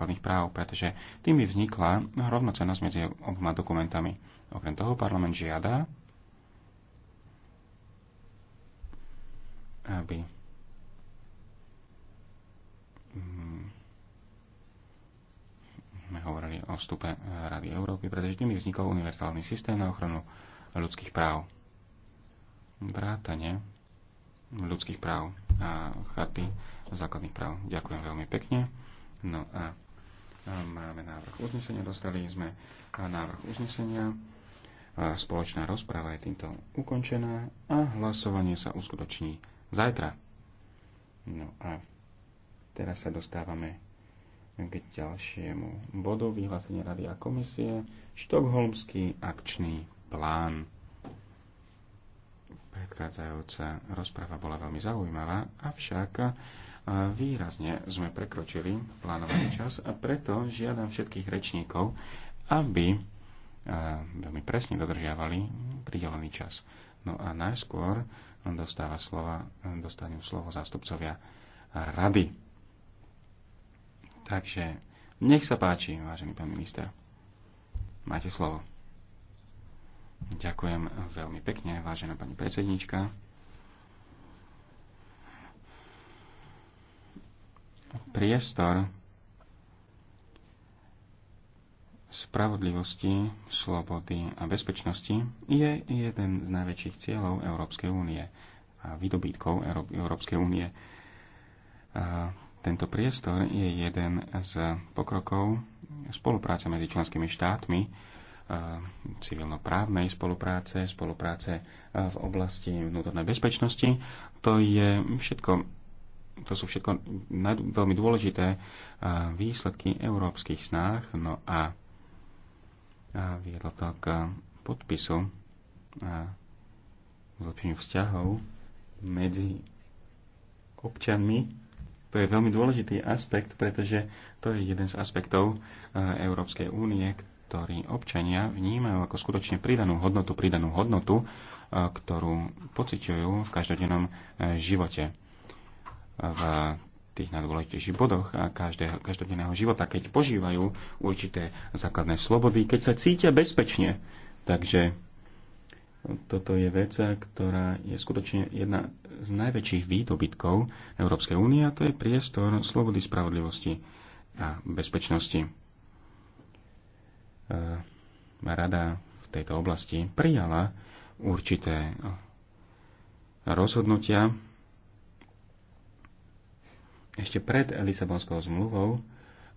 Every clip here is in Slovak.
základných práv, pretože tým by vznikla rovnocenosť medzi oboma dokumentami. Okrem toho parlament žiada, aby mm, sme hovorili o vstupe Rady Európy, pretože tým by vznikol univerzálny systém na ochranu ľudských práv. Vrátane ľudských práv a charty základných práv. Ďakujem veľmi pekne. No a Máme návrh uznesenia, dostali sme návrh uznesenia. Spoločná rozprava je týmto ukončená a hlasovanie sa uskutoční zajtra. No a teraz sa dostávame k ďalšiemu bodu vyhlásenie Rady a komisie Štokholmský akčný plán. Predchádzajúca rozprava bola veľmi zaujímavá, avšak výrazne sme prekročili plánovaný čas a preto žiadam všetkých rečníkov, aby e, veľmi presne dodržiavali pridelený čas. No a najskôr dostáva slova, dostanú slovo zástupcovia rady. Takže nech sa páči, vážený pán minister. Máte slovo. Ďakujem veľmi pekne, vážená pani predsednička. priestor spravodlivosti, slobody a bezpečnosti je jeden z najväčších cieľov Európskej únie a vydobítkov Európskej únie. A tento priestor je jeden z pokrokov spolupráce medzi členskými štátmi, civilnoprávnej spolupráce, spolupráce v oblasti vnútornej bezpečnosti. To je všetko to sú všetko veľmi dôležité eh, výsledky európskych snách. No a viedlo to k podpisu a eh, zlepšeniu vzťahov medzi občanmi. To je veľmi dôležitý aspekt, pretože to je jeden z aspektov eh, Európskej únie, ktorý občania vnímajú ako skutočne pridanú hodnotu, pridanú hodnotu, ktorú pociťujú v každodennom živote v tých najdôležitejších bodoch a každého, každodenného života, keď požívajú určité základné slobody, keď sa cítia bezpečne. Takže toto je vec, ktorá je skutočne jedna z najväčších výdobytkov Európskej únie a to je priestor slobody, spravodlivosti a bezpečnosti. E, Rada v tejto oblasti prijala určité rozhodnutia, ešte pred Lisabonskou zmluvou,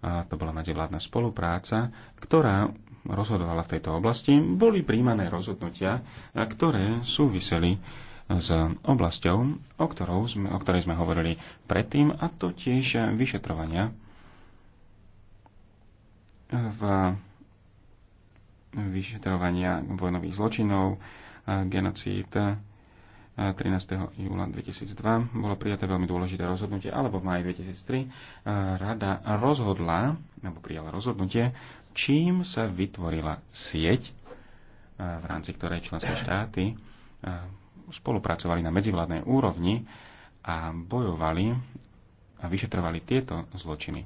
a to bola medzivládna spolupráca, ktorá rozhodovala v tejto oblasti, boli príjmané rozhodnutia, ktoré súviseli s oblasťou, o, ktorou sme, o ktorej sme hovorili predtým, a to tiež vyšetrovania v vyšetrovania vojnových zločinov, genocíd, 13. júla 2002 bolo prijaté veľmi dôležité rozhodnutie, alebo v maji 2003 e, rada rozhodla, alebo prijala rozhodnutie, čím sa vytvorila sieť, e, v rámci ktorej členské štáty e, spolupracovali na medzivládnej úrovni a bojovali a vyšetrovali tieto zločiny.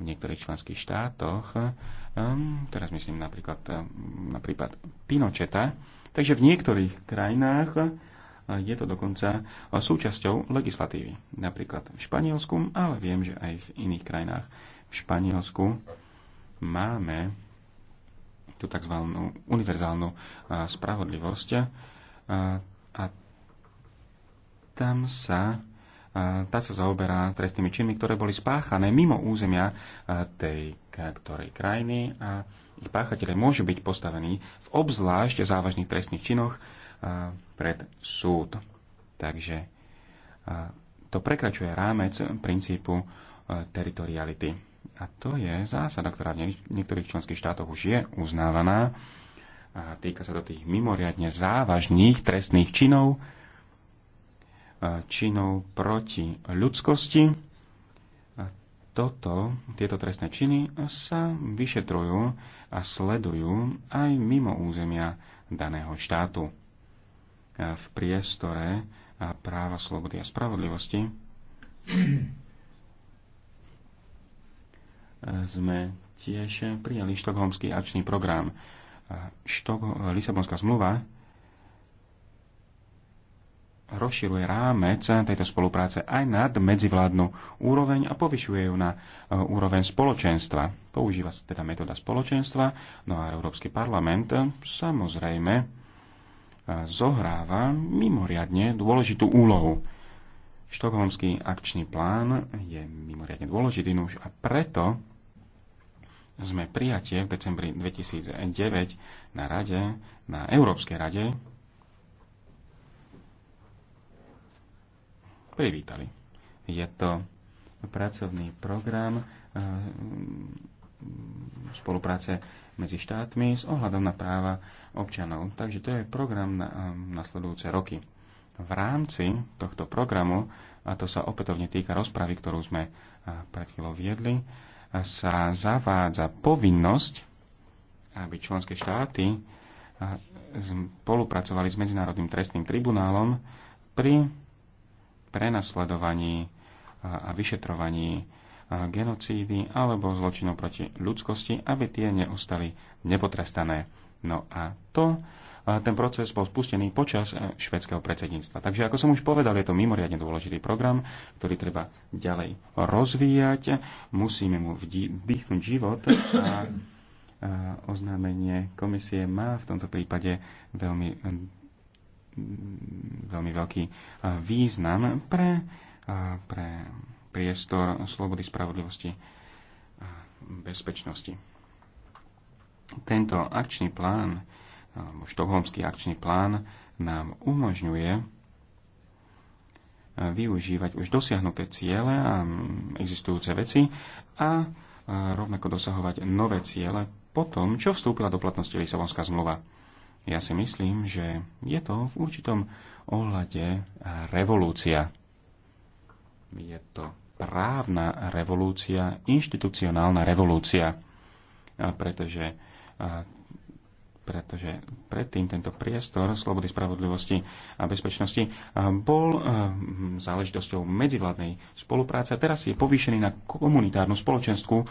V niektorých členských štátoch, teraz myslím napríklad na prípad Pinocheta, takže v niektorých krajinách je to dokonca súčasťou legislatívy. Napríklad v Španielsku, ale viem, že aj v iných krajinách. V Španielsku máme tú tzv. univerzálnu spravodlivosť a tam sa tá sa zaoberá trestnými činmi, ktoré boli spáchané mimo územia tej ktorej krajiny a ich páchatelia môžu byť postavení v obzvlášť závažných trestných činoch, pred súd. Takže to prekračuje rámec princípu teritoriality. A to je zásada, ktorá v niektorých členských štátoch už je uznávaná. A týka sa to tých mimoriadne závažných trestných činov, činov proti ľudskosti. A toto, tieto trestné činy sa vyšetrujú a sledujú aj mimo územia daného štátu v priestore práva, slobody a spravodlivosti sme tiež prijali štokholmský akčný program. Štok, Lisabonská zmluva rozširuje rámec tejto spolupráce aj nad medzivládnu úroveň a povyšuje ju na e, úroveň spoločenstva. Používa sa teda metóda spoločenstva, no a Európsky parlament samozrejme zohráva mimoriadne dôležitú úlohu. Štokholmský akčný plán je mimoriadne dôležitý nuž a preto sme prijatie v decembri 2009 na rade, na Európskej rade, privítali. Je to pracovný program e, spolupráce medzi štátmi s ohľadom na práva občanov. Takže to je program na um, nasledujúce roky. V rámci tohto programu, a to sa opätovne týka rozpravy, ktorú sme pred chvíľou viedli, sa zavádza povinnosť, aby členské štáty spolupracovali s Medzinárodným trestným tribunálom pri prenasledovaní a vyšetrovaní genocídy alebo zločinov proti ľudskosti, aby tie neostali nepotrestané. No a to ten proces bol spustený počas e, švedského predsedníctva. Takže ako som už povedal, je to mimoriadne dôležitý program, ktorý treba ďalej rozvíjať. Musíme mu vdýchnuť život a oznámenie komisie má v tomto prípade veľmi, veľmi veľký e, význam pre, e, pre priestor slobody, spravodlivosti a bezpečnosti. Tento akčný plán, alebo štokholmský akčný plán, nám umožňuje využívať už dosiahnuté ciele a existujúce veci a rovnako dosahovať nové ciele po tom, čo vstúpila do platnosti Lisabonská zmluva. Ja si myslím, že je to v určitom ohľade revolúcia. Je to právna revolúcia, inštitucionálna revolúcia, pretože, pretože predtým tento priestor slobody, spravodlivosti a bezpečnosti bol hm, záležitosťou medzivládnej spolupráce a teraz je povýšený na komunitárnu spoločenskú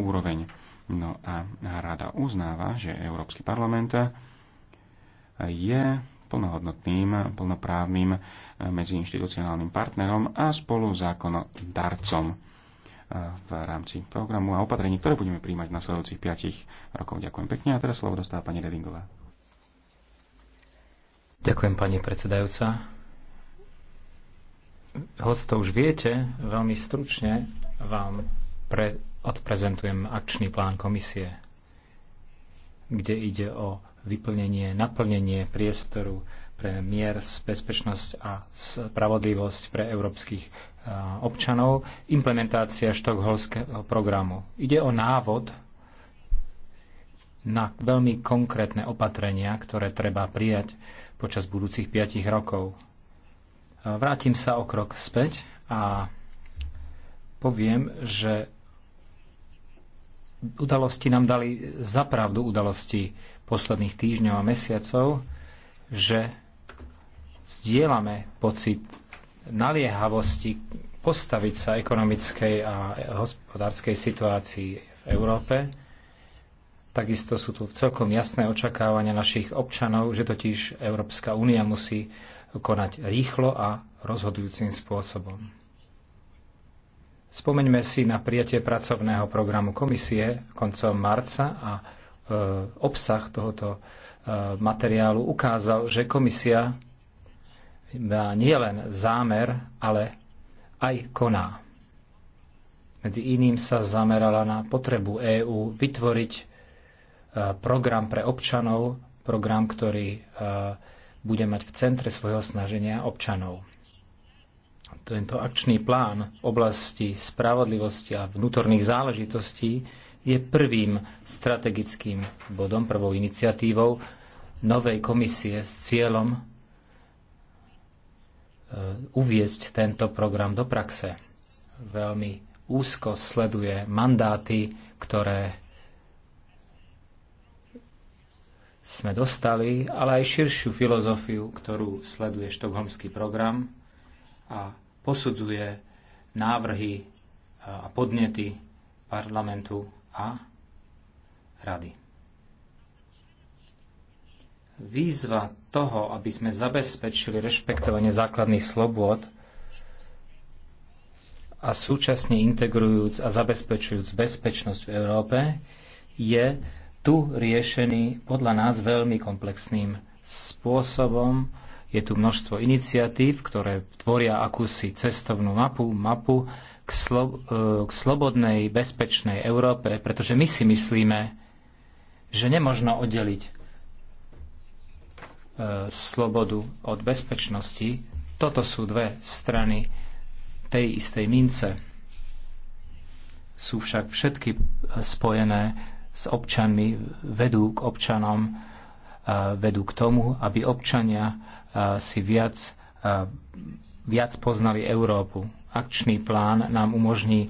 úroveň. No a rada uznáva, že Európsky parlament je plnohodnotným, plnoprávnym e, medziinstitucionálnym partnerom a spolu darcom e, v rámci programu a opatrení, ktoré budeme príjmať v nasledujúcich 5 rokov. Ďakujem pekne a teraz slovo dostáva pani Redingová. Ďakujem pani predsedajúca. Hoď to už viete, veľmi stručne vám pre, odprezentujem akčný plán komisie, kde ide o vyplnenie, naplnenie priestoru pre mier, bezpečnosť a spravodlivosť pre európskych eh, občanov, implementácia štokholského programu. Ide o návod na veľmi konkrétne opatrenia, ktoré treba prijať počas budúcich 5 rokov. Eh, vrátim sa o krok späť a poviem, že udalosti nám dali zapravdu udalosti posledných týždňov a mesiacov, že zdieľame pocit naliehavosti postaviť sa ekonomickej a hospodárskej situácii v Európe. Takisto sú tu celkom jasné očakávania našich občanov, že totiž Európska únia musí konať rýchlo a rozhodujúcim spôsobom. Spomeňme si na prijatie pracovného programu komisie koncom marca a E, obsah tohoto e, materiálu ukázal, že komisia má nielen zámer, ale aj koná. Medzi iným sa zamerala na potrebu EÚ vytvoriť e, program pre občanov, program, ktorý bude mať v centre svojho snaženia občanov. Tento akčný plán v oblasti spravodlivosti a vnútorných záležitostí je prvým strategickým bodom, prvou iniciatívou novej komisie s cieľom e, uviezť tento program do praxe. Veľmi úzko sleduje mandáty, ktoré sme dostali, ale aj širšiu filozofiu, ktorú sleduje štokholmský program a posudzuje návrhy a podnety parlamentu a rady. Výzva toho, aby sme zabezpečili rešpektovanie základných slobôd a súčasne integrujúc a zabezpečujúc bezpečnosť v Európe, je tu riešený podľa nás veľmi komplexným spôsobom. Je tu množstvo iniciatív, ktoré tvoria akúsi cestovnú mapu, mapu k, slo- e, k slobodnej, bezpečnej Európe, pretože my si myslíme, že nemožno oddeliť e, slobodu od bezpečnosti. Toto sú dve strany tej istej mince. Sú však všetky e, spojené s občanmi, vedú k občanom, vedú k tomu, aby občania si viac, viac poznali Európu akčný plán nám umožní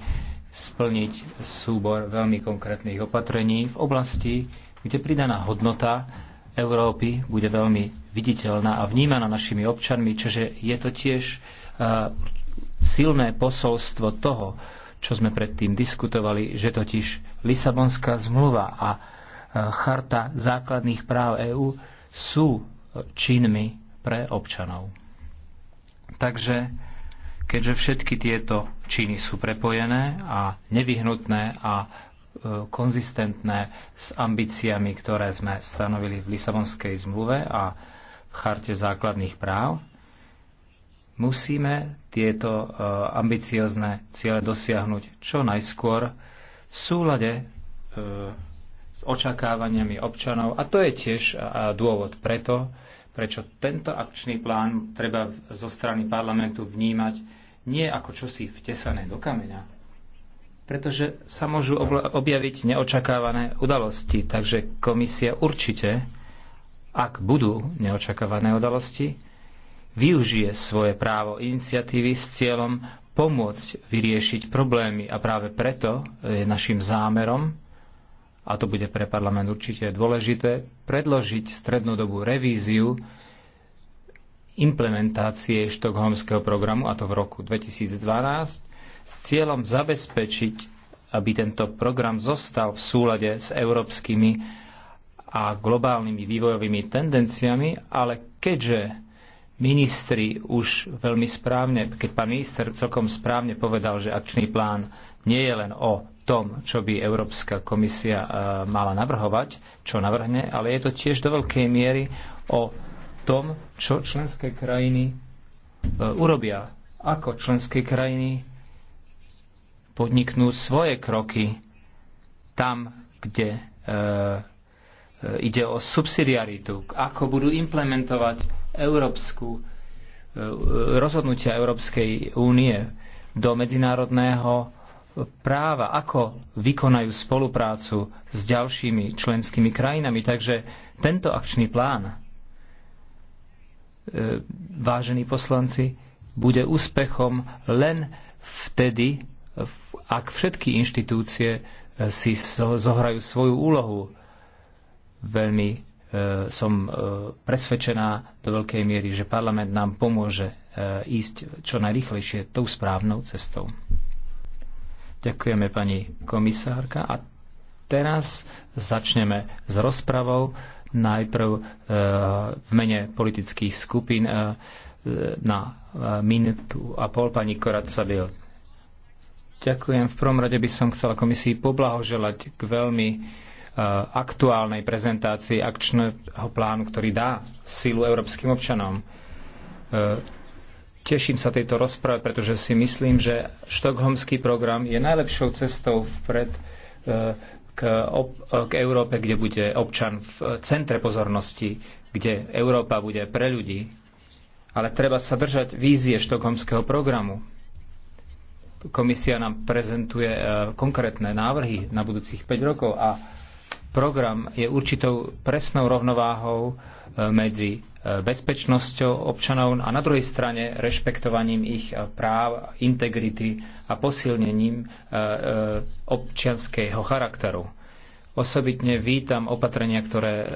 splniť súbor veľmi konkrétnych opatrení v oblasti, kde pridaná hodnota Európy bude veľmi viditeľná a vnímaná našimi občanmi, čiže je to tiež uh, silné posolstvo toho, čo sme predtým diskutovali, že totiž Lisabonská zmluva a uh, charta základných práv EÚ sú činmi pre občanov. Takže Keďže všetky tieto činy sú prepojené a nevyhnutné a e, konzistentné s ambíciami, ktoré sme stanovili v Lisabonskej zmluve a v Charte základných práv, musíme tieto e, ambiciozne ciele dosiahnuť čo najskôr v súlade e, s očakávaniami občanov. A to je tiež dôvod preto, prečo tento akčný plán treba zo strany parlamentu vnímať nie ako čosi vtesané do kameňa, pretože sa môžu objaviť neočakávané udalosti. Takže komisia určite, ak budú neočakávané udalosti, využije svoje právo iniciatívy s cieľom pomôcť vyriešiť problémy. A práve preto je našim zámerom, a to bude pre parlament určite dôležité, predložiť strednodobú revíziu implementácie štokholmského programu, a to v roku 2012, s cieľom zabezpečiť, aby tento program zostal v súlade s európskymi a globálnymi vývojovými tendenciami, ale keďže ministri už veľmi správne, keď pán minister celkom správne povedal, že akčný plán nie je len o tom, čo by Európska komisia e, mala navrhovať, čo navrhne, ale je to tiež do veľkej miery o tom, čo členské krajiny e, urobia, ako členské krajiny podniknú svoje kroky tam, kde e, e, ide o subsidiaritu, ako budú implementovať európsku, e, rozhodnutia Európskej únie do medzinárodného práva, ako vykonajú spoluprácu s ďalšími členskými krajinami. Takže tento akčný plán E, vážení poslanci, bude úspechom len vtedy, ak všetky inštitúcie e, si zohrajú svoju úlohu. Veľmi e, som presvedčená do veľkej miery, že parlament nám pomôže ísť čo najrychlejšie tou správnou cestou. Ďakujeme pani komisárka a teraz začneme s rozpravou najprv e, v mene politických skupín e, na e, minútu a pol pani Koracabil. Ďakujem. V prvom rade by som chcela komisii poblahoželať k veľmi aktuálnej prezentácii akčného plánu, ktorý dá silu európskym občanom. Teším sa tejto rozprave, pretože si myslím, že štokholmský program je najlepšou cestou vpred k, k Európe, kde bude občan v centre pozornosti, kde Európa bude pre ľudí. Ale treba sa držať vízie štokholmského programu. Komisia nám prezentuje e, konkrétne návrhy na budúcich 5 rokov a program je určitou presnou rovnováhou medzi e, bezpečnosťou občanov a na druhej strane rešpektovaním ich e, práv, integrity a posilnením e, občianského charakteru. Osobitne vítam opatrenia, ktoré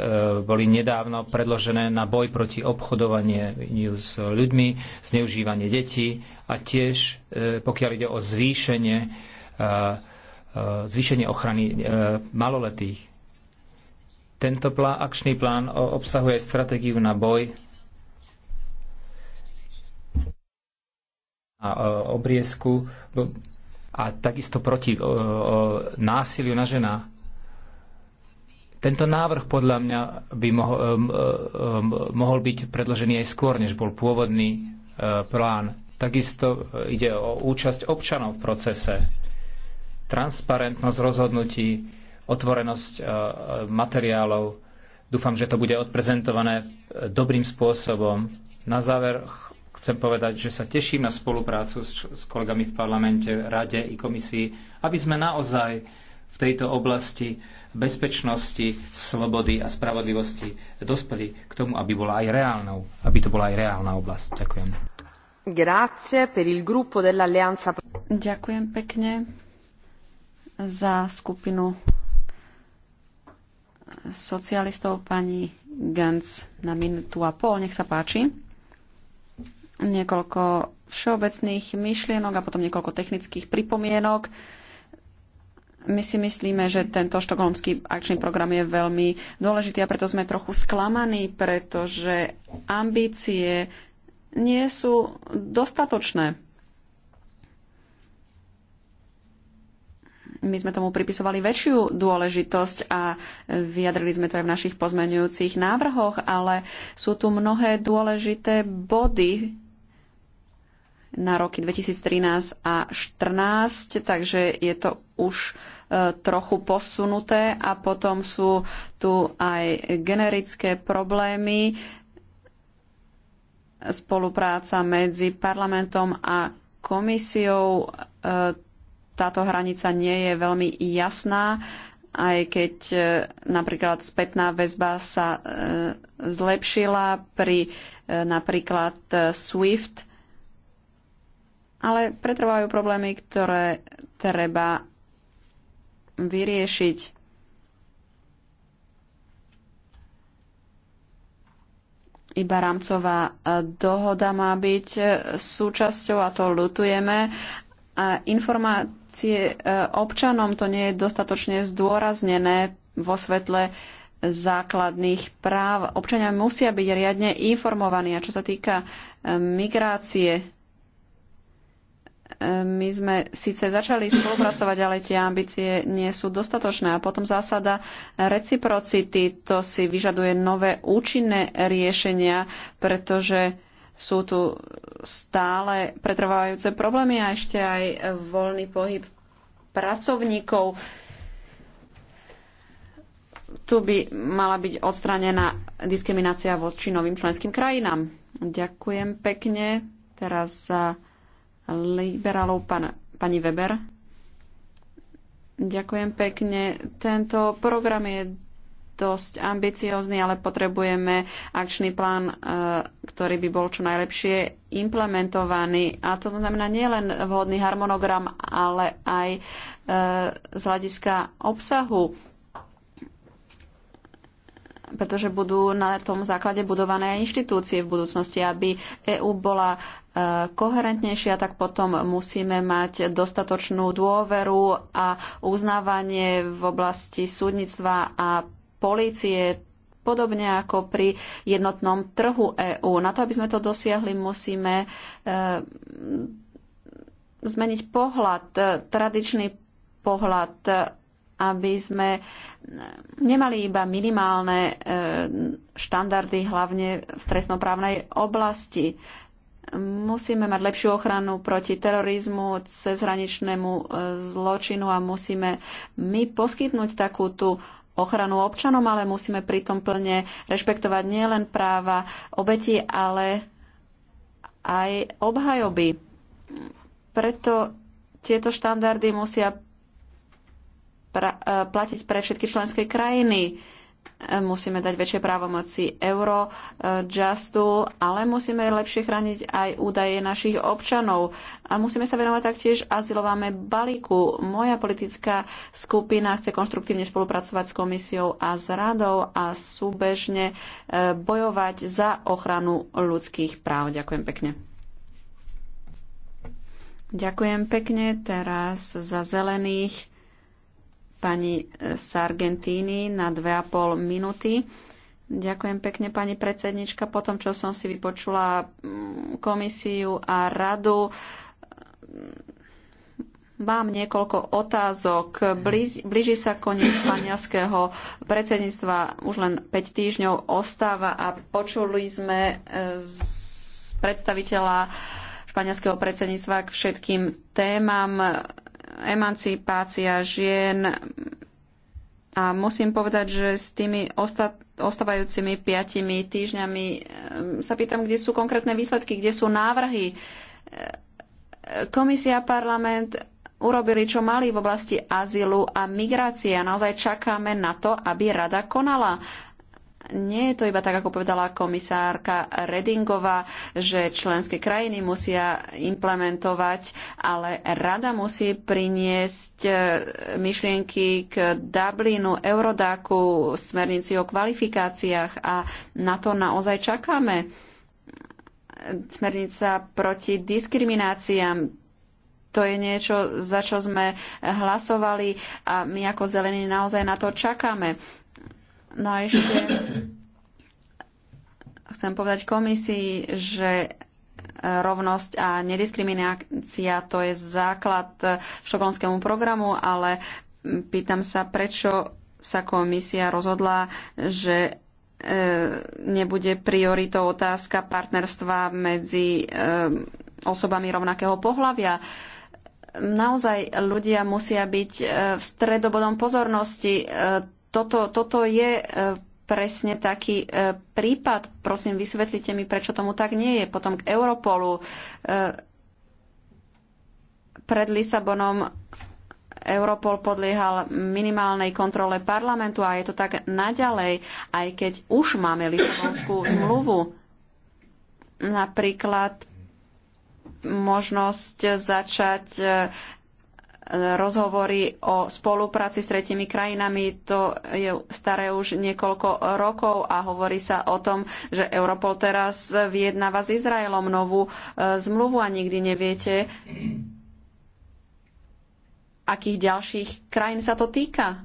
boli nedávno predložené na boj proti obchodovaniu s ľuďmi, zneužívanie detí a tiež, pokiaľ ide o zvýšenie, zvýšenie ochrany maloletých. Tento plán, akčný plán obsahuje stratégiu na boj a e, obriezku a takisto proti e, e, násiliu na žena. Tento návrh podľa mňa by mohol, mohol byť predložený aj skôr, než bol pôvodný plán. Takisto ide o účasť občanov v procese, transparentnosť rozhodnutí, otvorenosť e, e, materiálov. Dúfam, že to bude odprezentované e, dobrým spôsobom. Na záver chcem povedať, že sa teším na spoluprácu s, kolegami v parlamente, rade i komisii, aby sme naozaj v tejto oblasti bezpečnosti, slobody a spravodlivosti dospeli k tomu, aby, bola aj reálnou, aby to bola aj reálna oblasť. Ďakujem. Grazie per il gruppo dell'Alleanza. Ďakujem pekne za skupinu socialistov pani Gens na minútu a pol. Nech sa páči. Niekoľko všeobecných myšlienok a potom niekoľko technických pripomienok. My si myslíme, že tento štokholmský akčný program je veľmi dôležitý a preto sme trochu sklamaní, pretože ambície nie sú dostatočné. my sme tomu pripisovali väčšiu dôležitosť a vyjadrili sme to aj v našich pozmenujúcich návrhoch, ale sú tu mnohé dôležité body na roky 2013 a 2014, takže je to už e, trochu posunuté a potom sú tu aj generické problémy spolupráca medzi parlamentom a komisiou e, táto hranica nie je veľmi jasná, aj keď e, napríklad spätná väzba sa e, zlepšila pri e, napríklad SWIFT, ale pretrvajú problémy, ktoré treba vyriešiť. Iba rámcová dohoda má byť súčasťou a to lutujeme, a informácie e, občanom to nie je dostatočne zdôraznené vo svetle základných práv. Občania musia byť riadne informovaní. A čo sa týka e, migrácie, e, my sme síce začali spolupracovať, ale tie ambície nie sú dostatočné. A potom zásada reciprocity, to si vyžaduje nové účinné riešenia, pretože sú tu stále pretrvávajúce problémy a ešte aj voľný pohyb pracovníkov. Tu by mala byť odstranená diskriminácia voči novým členským krajinám. Ďakujem pekne. Teraz za liberálov pán, pani Weber. Ďakujem pekne. Tento program je dosť ambiciózny, ale potrebujeme akčný plán, e, ktorý by bol čo najlepšie implementovaný. A to znamená nielen vhodný harmonogram, ale aj e, z hľadiska obsahu pretože budú na tom základe budované inštitúcie v budúcnosti. Aby EÚ bola e, koherentnejšia, tak potom musíme mať dostatočnú dôveru a uznávanie v oblasti súdnictva a polície, podobne ako pri jednotnom trhu EÚ. Na to, aby sme to dosiahli, musíme e, zmeniť pohľad, tradičný pohľad, aby sme nemali iba minimálne e, štandardy, hlavne v trestnoprávnej oblasti musíme mať lepšiu ochranu proti terorizmu, cezhraničnému eh, zločinu a musíme my poskytnúť takú tú ochranu občanom, ale musíme pritom plne rešpektovať nielen práva obeti, ale aj obhajoby. Preto tieto štandardy musia e, platiť pre všetky členské krajiny musíme dať väčšie právomoci euro, eh, justu, ale musíme lepšie chrániť aj údaje našich občanov. A musíme sa venovať taktiež azylováme balíku. Moja politická skupina chce konštruktívne spolupracovať s komisiou a s radou a súbežne eh, bojovať za ochranu ľudských práv. Ďakujem pekne. Ďakujem pekne teraz za zelených pani Sargentini e, na 2,5 minúty. Ďakujem pekne, pani predsednička. Po tom, čo som si vypočula mm, komisiu a radu, mm, Mám niekoľko otázok. Blíži, sa koniec španielského predsedníctva, už len 5 týždňov ostáva a počuli sme e, z predstaviteľa španielského predsedníctva k všetkým témam emancipácia žien a musím povedať, že s tými ostávajúcimi piatimi týždňami eh, sa pýtam, kde sú konkrétne výsledky, kde sú návrhy. Eh, Komisia a parlament urobili, čo mali v oblasti azylu a migrácie a naozaj čakáme na to, aby rada konala nie je to iba tak, ako povedala komisárka Redingová, že členské krajiny musia implementovať, ale rada musí priniesť e, myšlienky k Dublinu, Eurodaku, smernici o kvalifikáciách a na to naozaj čakáme. Smernica proti diskrimináciám, to je niečo, za čo sme hlasovali a my ako zelení naozaj na to čakáme. No a ešte chcem povedať komisii, že e, rovnosť a nediskriminácia to je základ e, štokholmskému programu, ale pýtam sa, prečo sa komisia rozhodla, že e, nebude prioritou otázka partnerstva medzi osobami rovnakého pohľavia. Naozaj ľudia musia byť v stredobodom pozornosti toto, toto je e, presne taký e, prípad. Prosím, vysvetlite mi, prečo tomu tak nie je. Potom k Europolu. E, pred Lisabonom Europol podliehal minimálnej kontrole parlamentu a je to tak naďalej, aj keď už máme Lisabonskú zmluvu. Napríklad možnosť začať rozhovory o spolupráci s tretimi krajinami, to je staré už niekoľko rokov a hovorí sa o tom, že Europol teraz vyjednáva s Izraelom novú e, zmluvu a nikdy neviete, akých ďalších krajín sa to týka.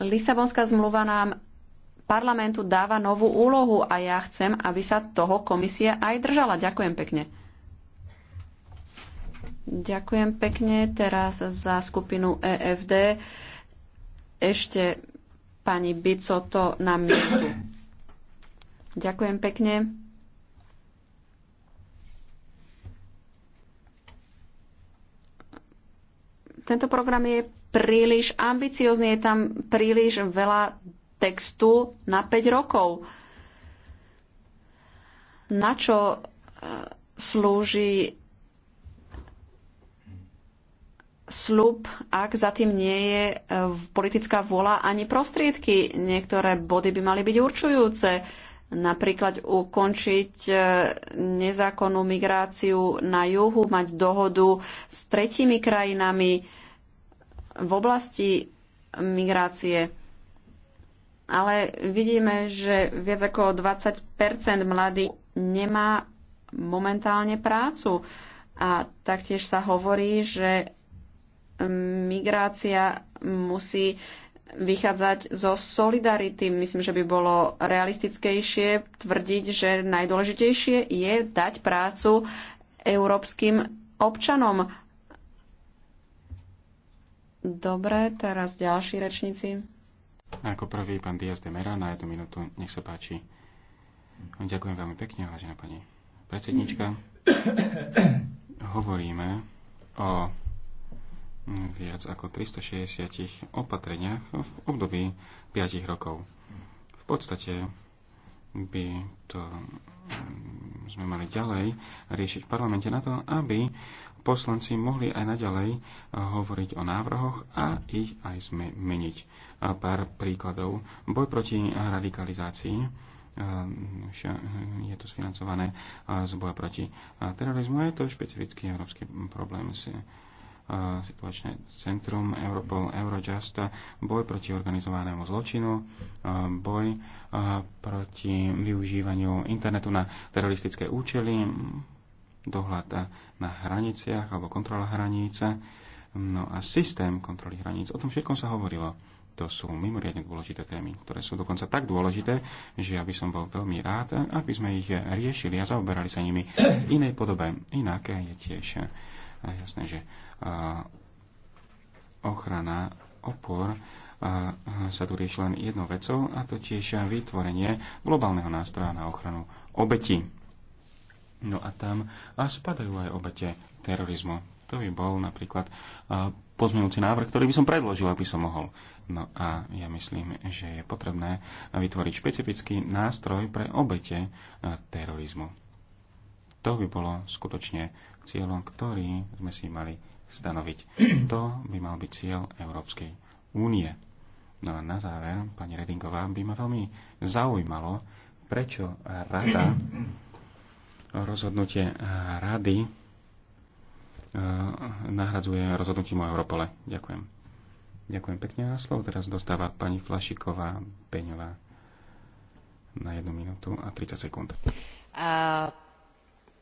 Lisabonská zmluva nám parlamentu dáva novú úlohu a ja chcem, aby sa toho komisia aj držala. Ďakujem pekne. Ďakujem pekne. Teraz za skupinu EFD ešte pani Bicoto na minútu. Ďakujem pekne. Tento program je príliš ambiciozný, je tam príliš veľa textu na 5 rokov. Na čo e, slúži slub, ak za tým nie je e, politická vôľa ani prostriedky. Niektoré body by mali byť určujúce, napríklad ukončiť e, nezákonnú migráciu na juhu, mať dohodu s tretími krajinami v oblasti migrácie. Ale vidíme, že viac ako 20 mladých nemá momentálne prácu. A taktiež sa hovorí, že migrácia musí vychádzať zo solidarity. Myslím, že by bolo realistickejšie tvrdiť, že najdôležitejšie je dať prácu európskym občanom. Dobre, teraz ďalší rečníci. ako prvý pán Diaz de Mera na jednu minútu, nech sa páči. Ďakujem veľmi pekne, vážená pani predsednička. Hovoríme o viac ako 360 opatreniach v období 5 rokov. V podstate by to mm, sme mali ďalej riešiť v parlamente na to, aby poslanci mohli aj naďalej eh, hovoriť o návrhoch a ich aj sme meniť. A pár príkladov. Boj proti radikalizácii eh, eh, je to sfinancované z boja proti terorizmu. Je to špecifický európsky problém situačné centrum Europol Eurojust, boj proti organizovanému zločinu, boj proti využívaniu internetu na teroristické účely, dohľad na hraniciach alebo kontrola hranice, no a systém kontroly hraníc. O tom všetkom sa hovorilo. To sú mimoriadne dôležité témy, ktoré sú dokonca tak dôležité, že ja by som bol veľmi rád, aby sme ich riešili a zaoberali sa nimi v inej podobe. Inak je tiež a jasné, že ochrana opor sa tu rieši len jednou vecou, a to tiež vytvorenie globálneho nástroja na ochranu obetí. No a tam a spadajú aj obete terorizmu. To by bol napríklad pozmeňujúci návrh, ktorý by som predložil, aby som mohol. No a ja myslím, že je potrebné vytvoriť špecifický nástroj pre obete terorizmu. To by bolo skutočne cieľom, ktorý sme si mali stanoviť. To by mal byť cieľ Európskej únie. No a na záver, pani Redingová, by ma veľmi zaujímalo, prečo rada, rozhodnutie rady e, nahradzuje rozhodnutím o Europole. Ďakujem. Ďakujem pekne a slovo teraz dostáva pani Flašiková Peňová na jednu minútu a 30 sekúnd. Uh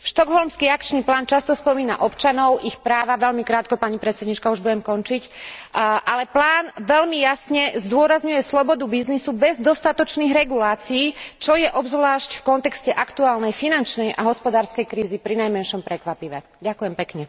štokholmský akčný plán často spomína občanov ich práva veľmi krátko pani predsedníčka už budem končiť ale plán veľmi jasne zdôrazňuje slobodu biznisu bez dostatočných regulácií čo je obzvlášť v kontexte aktuálnej finančnej a hospodárskej krízy prinajmenšom prekvapivé. ďakujem pekne.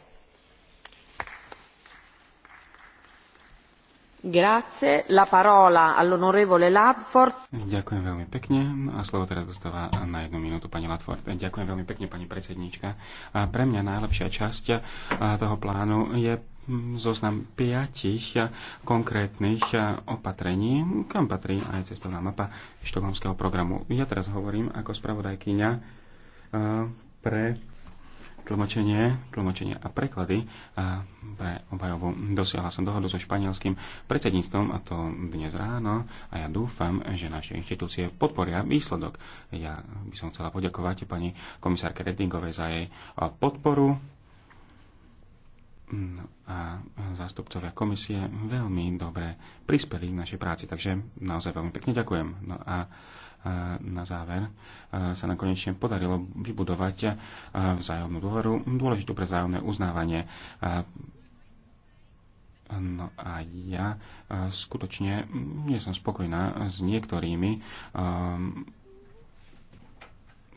Ďakujem veľmi pekne. A slovo teraz dostáva na jednu minútu pani Ladford. Ďakujem veľmi pekne, pani predsedníčka. A pre mňa najlepšia časť toho plánu je hm, zoznam piatich konkrétnych opatrení, kam patrí aj cestovná mapa štokholmského programu. Ja teraz hovorím ako spravodajkyňa pre tlmočenie, tlmočenie a preklady a pre obhajovu dosiahla som dohodu so španielským predsedníctvom a to dnes ráno a ja dúfam, že naše inštitúcie podporia výsledok. Ja by som chcela poďakovať pani komisárke Redingovej za jej podporu no a zástupcovia komisie veľmi dobre prispeli k našej práci, takže naozaj veľmi pekne ďakujem. No a na záver sa nám konečne podarilo vybudovať vzájomnú dôveru, dôležitú pre vzájomné uznávanie. No a ja skutočne nie som spokojná s niektorými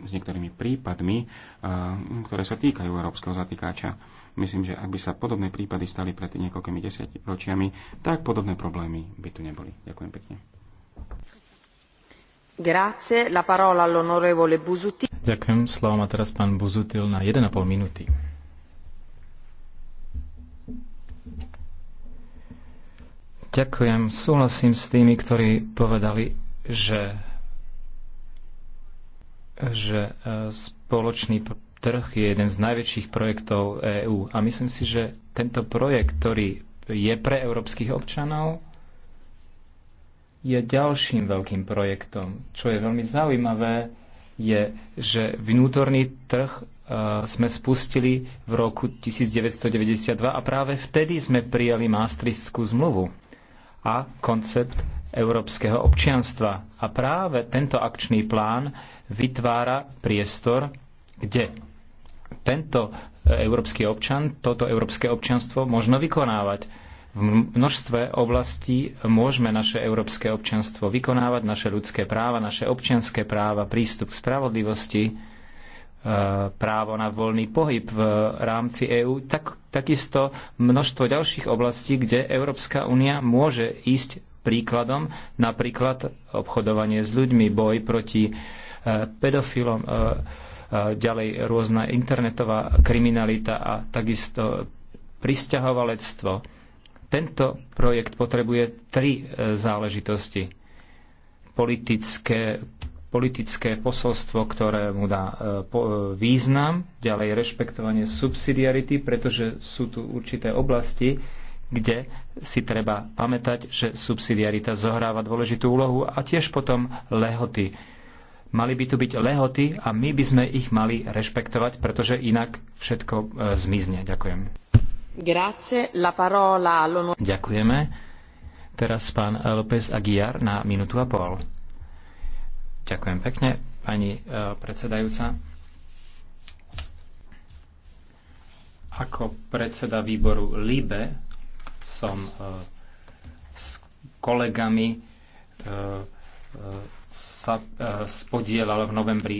s niektorými prípadmi, ktoré sa týkajú európskeho zatýkača. Myslím, že ak by sa podobné prípady stali pred niekoľkými desaťročiami, tak podobné problémy by tu neboli. Ďakujem pekne. Grazie, la parola all'onorevole Busutil. Ďakujem, slovo má teraz pán Buzutil na 1,5 minúty. Ďakujem, súhlasím s tými, ktorí povedali, že, že e, spoločný trh je jeden z najväčších projektov EÚ. A myslím si, že tento projekt, ktorý je pre európskych občanov, je ďalším veľkým projektom. Čo je veľmi zaujímavé, je, že vnútorný trh e, sme spustili v roku 1992 a práve vtedy sme prijali Maastrichtskú zmluvu a koncept európskeho občianstva. A práve tento akčný plán vytvára priestor, kde tento e, európsky občan, toto európske občianstvo možno vykonávať v množstve oblastí môžeme naše európske občianstvo vykonávať, naše ľudské práva, naše občianské práva, prístup k spravodlivosti, e, právo na voľný pohyb v rámci EÚ, tak, takisto množstvo ďalších oblastí, kde Európska únia môže ísť príkladom, napríklad obchodovanie s ľuďmi, boj proti e, pedofilom, e, ďalej rôzna internetová kriminalita a takisto pristahovalectvo. Tento projekt potrebuje tri e, záležitosti. Politické, politické posolstvo, ktoré mu dá e, e, význam, ďalej rešpektovanie subsidiarity, pretože sú tu určité oblasti, kde si treba pamätať, že subsidiarita zohráva dôležitú úlohu a tiež potom lehoty. Mali by tu byť lehoty a my by sme ich mali rešpektovať, pretože inak všetko zmizne. Ďakujem. Ďakujeme. Teraz pán López Aguiar na minútu a pol. Ďakujem pekne, pani eh, predsedajúca. Ako predseda výboru LIBE som eh, s kolegami eh, sa spodielal v novembri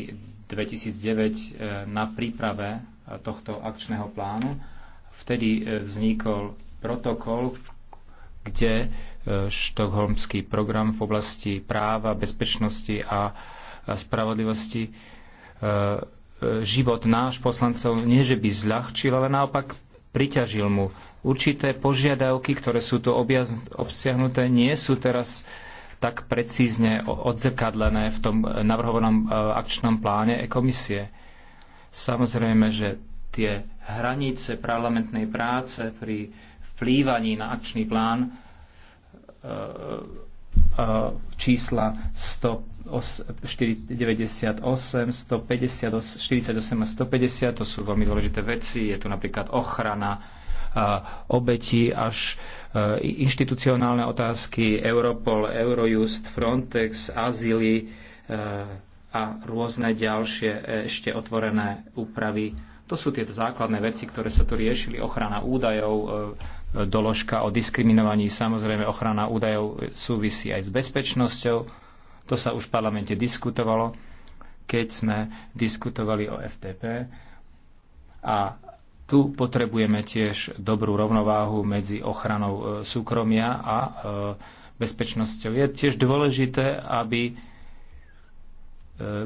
2009 na príprave tohto akčného plánu Vtedy e, vznikol protokol, kde e, štokholmský program v oblasti práva, bezpečnosti a spravodlivosti e, život náš poslancov nie, že by zľahčil, ale naopak priťažil mu. Určité požiadavky, ktoré sú tu obsiahnuté, nie sú teraz tak precízne odzrkadlené v tom navrhovanom akčnom pláne e komisie. Samozrejme, že tie hranice parlamentnej práce pri vplývaní na akčný plán e, e, čísla 198, 150, 48 a 150, to sú veľmi dôležité veci. Je tu napríklad ochrana e, obeti až inštitucionálne otázky Europol, Eurojust, Frontex, azily a rôzne ďalšie ešte otvorené úpravy to sú tieto základné veci, ktoré sa tu riešili. Ochrana údajov, e, e, doložka o diskriminovaní, samozrejme ochrana údajov súvisí aj s bezpečnosťou. To sa už v parlamente diskutovalo, keď sme diskutovali o FTP. A tu potrebujeme tiež dobrú rovnováhu medzi ochranou e, súkromia a bezpečnosťou. Je tiež dôležité, aby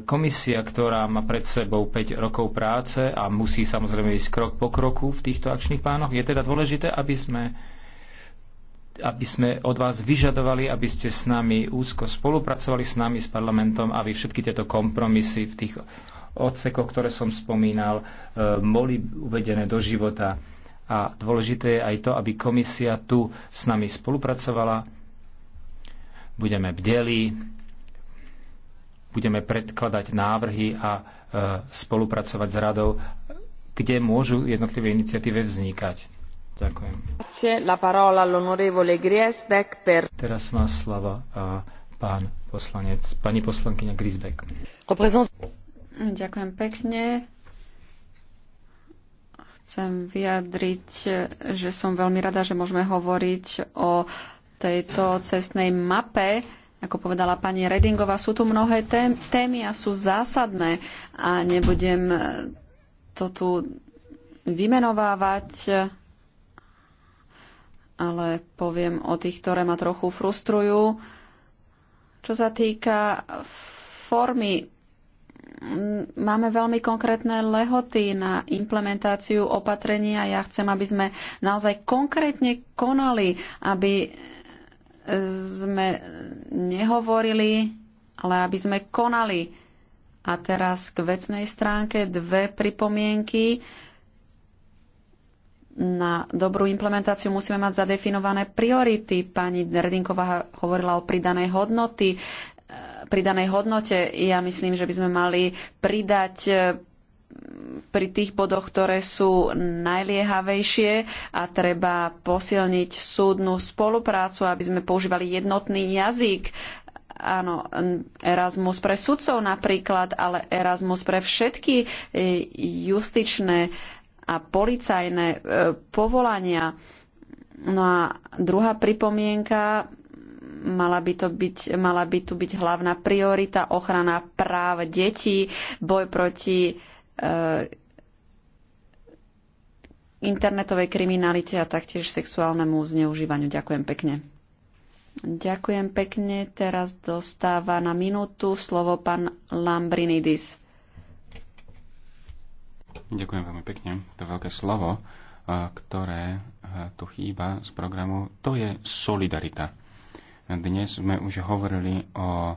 komisia, ktorá má pred sebou 5 rokov práce a musí samozrejme ísť krok po kroku v týchto akčných plánoch, je teda dôležité, aby sme, aby sme od vás vyžadovali, aby ste s nami úzko spolupracovali s nami, s parlamentom, aby všetky tieto kompromisy v tých odsekoch, ktoré som spomínal, e, boli uvedené do života. A dôležité je aj to, aby komisia tu s nami spolupracovala. Budeme bdeli, budeme predkladať návrhy a e, spolupracovať s radou, kde môžu jednotlivé iniciatíve vznikať. Ďakujem. Teraz má slava e, pán poslanec, pani poslankyňa Grisbeck. Ďakujem pekne. Chcem vyjadriť, že som veľmi rada, že môžeme hovoriť o tejto cestnej mape, ako povedala pani Redingová, sú tu mnohé témy a sú zásadné a nebudem e, to tu vymenovávať, ale poviem o tých, ktoré ma trochu frustrujú. Čo sa týka formy, máme veľmi konkrétne lehoty na implementáciu opatrenia. Ja chcem, aby sme naozaj konkrétne konali, aby sme nehovorili, ale aby sme konali. A teraz k vecnej stránke dve pripomienky. Na dobrú implementáciu musíme mať zadefinované priority. Pani Derdinková hovorila o pridanej hodnoty pridanej hodnote. Ja myslím, že by sme mali pridať pri tých bodoch, ktoré sú najliehavejšie a treba posilniť súdnu spoluprácu, aby sme používali jednotný jazyk. Áno, Erasmus pre sudcov napríklad, ale Erasmus pre všetky e, justičné a policajné e, povolania. No a druhá pripomienka, mala by, to byť, mala by tu byť hlavná priorita ochrana práv detí, boj proti E, internetovej kriminalite a taktiež sexuálnemu zneužívaniu. Ďakujem pekne. Ďakujem pekne. Teraz dostáva na minútu slovo pán Lambrinidis. Ďakujem veľmi pekne. To veľké slovo, e, ktoré e, tu chýba z programu, to je solidarita. Dnes sme už hovorili o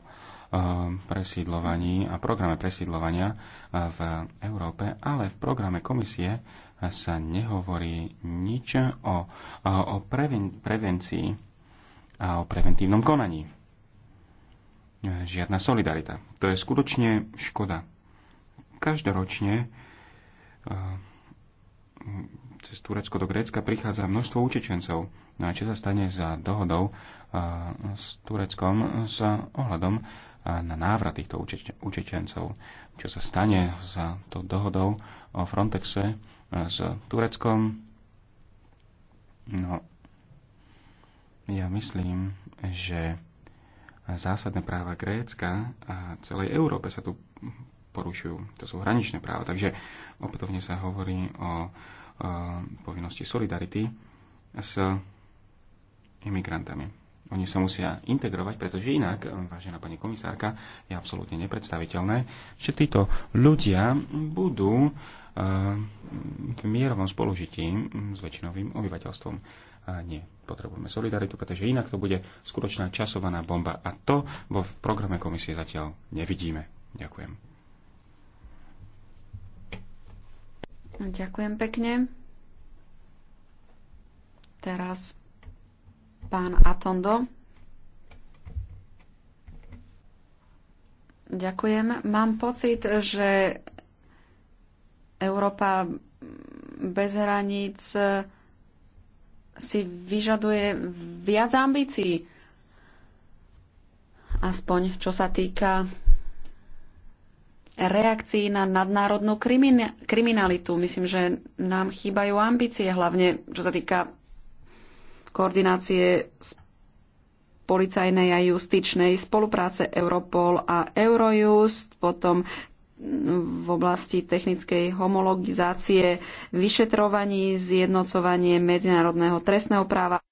presídlovaní a programe presídlovania v Európe, ale v programe komisie sa nehovorí nič o, o preven, prevencii a o preventívnom konaní. Žiadna solidarita. To je skutočne škoda. Každoročne eh, cez Turecko do Grécka prichádza množstvo utečencov. No a čo sa stane za dohodou eh, s Tureckom s ohľadom na návrat týchto utečencov. Čo sa stane za to dohodou o Frontexe s Tureckom? No, ja myslím, že zásadné práva Grécka a celej Európe sa tu porušujú. To sú hraničné práva. Takže opätovne sa hovorí o, e, povinnosti solidarity s imigrantami. Oni sa musia integrovať, pretože inak, eh, vážená pani komisárka, je absolútne nepredstaviteľné, že títo ľudia budú eh, v mierovom spolužití hm, s väčšinovým obyvateľstvom. A nie, potrebujeme solidaritu, pretože inak to bude skutočná časovaná bomba. A to vo programe komisie zatiaľ nevidíme. Ďakujem. Ďakujem pekne. Teraz Pán Atondo. Ďakujem. Mám pocit, že Európa bez hraníc si vyžaduje viac ambícií. Aspoň čo sa týka reakcií na nadnárodnú krimin- kriminalitu. Myslím, že nám chýbajú ambície, hlavne čo sa týka koordinácie policajnej a justičnej spolupráce Europol a Eurojust, potom v oblasti technickej homologizácie, vyšetrovaní, zjednocovanie medzinárodného trestného práva.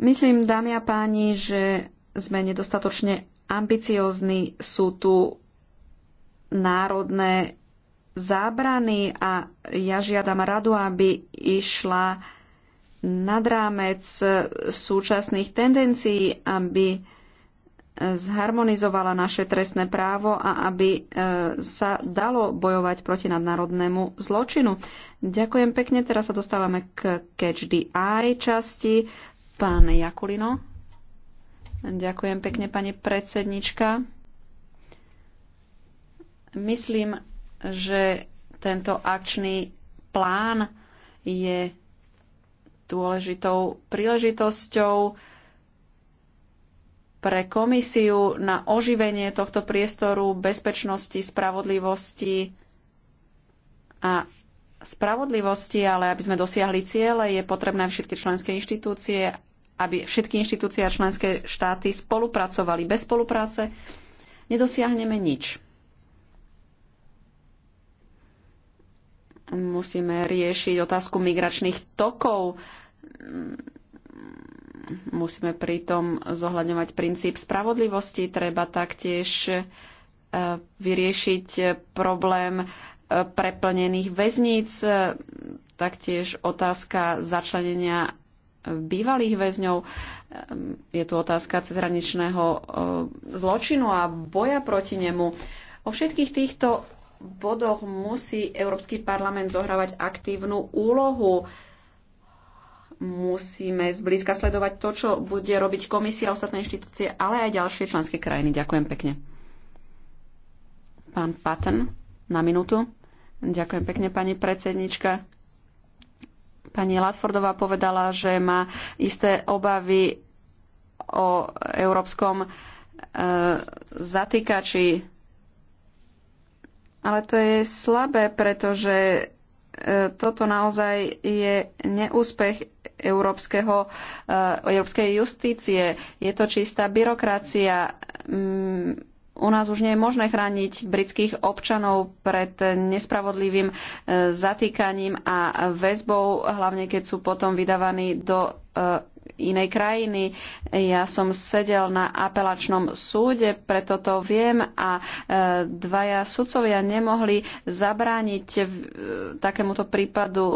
Myslím, dámy a páni, že sme nedostatočne ambiciózni. Sú tu národné zábrany a ja žiadam radu, aby išla nad rámec súčasných tendencií, aby e, zharmonizovala naše trestné právo a aby e, sa dalo bojovať proti nadnárodnému zločinu. Ďakujem pekne. Teraz sa dostávame k Catch the Eye časti. Pán Jakulino. Ďakujem pekne, pani predsednička. Myslím, že tento akčný plán je dôležitou príležitosťou pre komisiu na oživenie tohto priestoru bezpečnosti, spravodlivosti a spravodlivosti, ale aby sme dosiahli ciele, je potrebné všetky členské inštitúcie, aby všetky inštitúcie a členské štáty spolupracovali. Bez spolupráce nedosiahneme nič. Musíme riešiť otázku migračných tokov. Musíme pritom zohľadňovať princíp spravodlivosti. Treba taktiež e, vyriešiť problém e, preplnených väzníc, e, taktiež otázka začlenenia bývalých väzňov. Je tu otázka cezhraničného zločinu a boja proti nemu. O všetkých týchto bodoch musí Európsky parlament zohrávať aktívnu úlohu. Musíme zblízka sledovať to, čo bude robiť komisia a ostatné inštitúcie, ale aj ďalšie členské krajiny. Ďakujem pekne. Pán Patten, na minútu. Ďakujem pekne, pani predsednička. Pani Latfordová povedala, že má isté obavy o európskom e, zatýkači ale to je slabé, pretože e, toto naozaj je neúspech európskeho, e, európskej justície. Je to čistá byrokracia. Mm, u nás už nie je možné chrániť britských občanov pred nespravodlivým e, zatýkaním a väzbou, hlavne keď sú potom vydávaní do inej krajiny. Ja som sedel na apelačnom súde, preto to viem a e, dvaja sudcovia nemohli zabrániť e, takémuto prípadu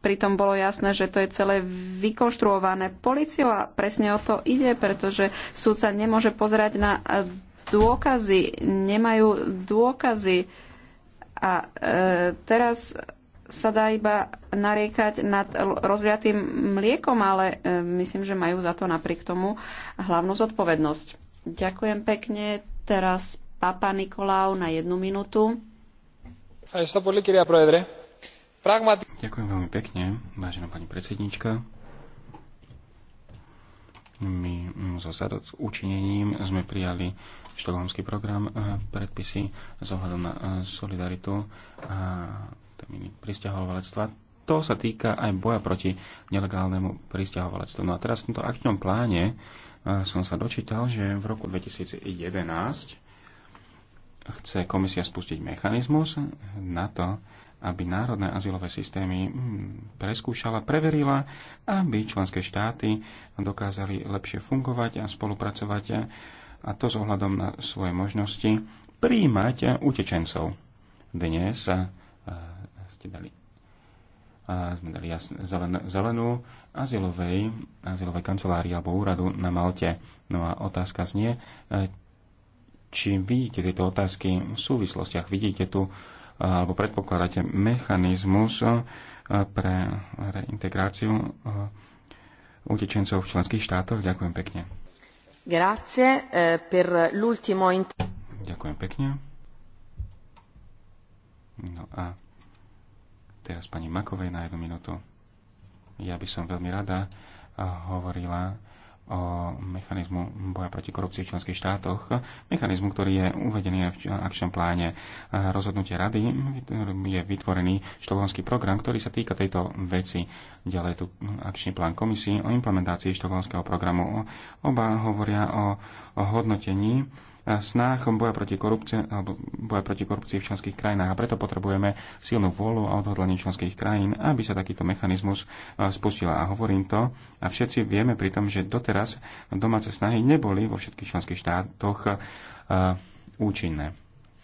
pritom bolo jasné, že to je celé vykonštruované policiou a presne o to ide, pretože súd sa nemôže pozerať na e, dôkazy, nemajú dôkazy. A e, teraz sa dá iba nariekať nad rozliatým mliekom, ale e, myslím, že majú za to napriek tomu hlavnú zodpovednosť. Ďakujem pekne. Teraz Papa Nikolau na jednu minútu. Ďakujem veľmi pekne, vážená pani predsednička. My mm, so zadoc učinením sme prijali štokholmský program, e, predpisy s ohľadom na e, solidaritu a termíny pristahovalectva. To sa týka aj boja proti nelegálnemu pristahovalectvu. No a teraz v tomto akčnom pláne e, som sa dočítal, že v roku 2011 chce komisia spustiť mechanizmus na to, aby národné azylové systémy hm, preskúšala, preverila, aby členské štáty dokázali lepšie fungovať a spolupracovať a to s ohľadom na svoje možnosti príjmať utečencov. Dnes e, ste dali a sme dali jasne, zelen, zelenú azylovej, azylovej kancelárii alebo úradu na Malte. No a otázka znie, e, či vidíte tieto otázky v súvislostiach, vidíte tu e, alebo predpokladáte mechanizmus e, pre reintegráciu utečencov v členských štátoch. Ďakujem pekne. Grazie per l'ultimo Ďakujem pekne. No a Teraz pani Makovej na jednu minútu. Ja by som veľmi rada eh, hovorila o mechanizmu boja proti korupcii v členských štátoch, mechanizmu, ktorý je uvedený v akčnom pláne eh, rozhodnutie rady, je vytvorený štokholmský program, ktorý sa týka tejto veci. Ďalej tu akčný plán komisii o implementácii štokholmského programu. Oba hovoria o, o hodnotení snách boja proti, korupcii, alebo boja proti korupcii v členských krajinách. A preto potrebujeme silnú vôľu a odhodlanie členských krajín, aby sa takýto mechanizmus e, spustil. A hovorím to, a všetci vieme pri tom, že doteraz domáce snahy neboli vo všetkých členských štátoch e, účinné.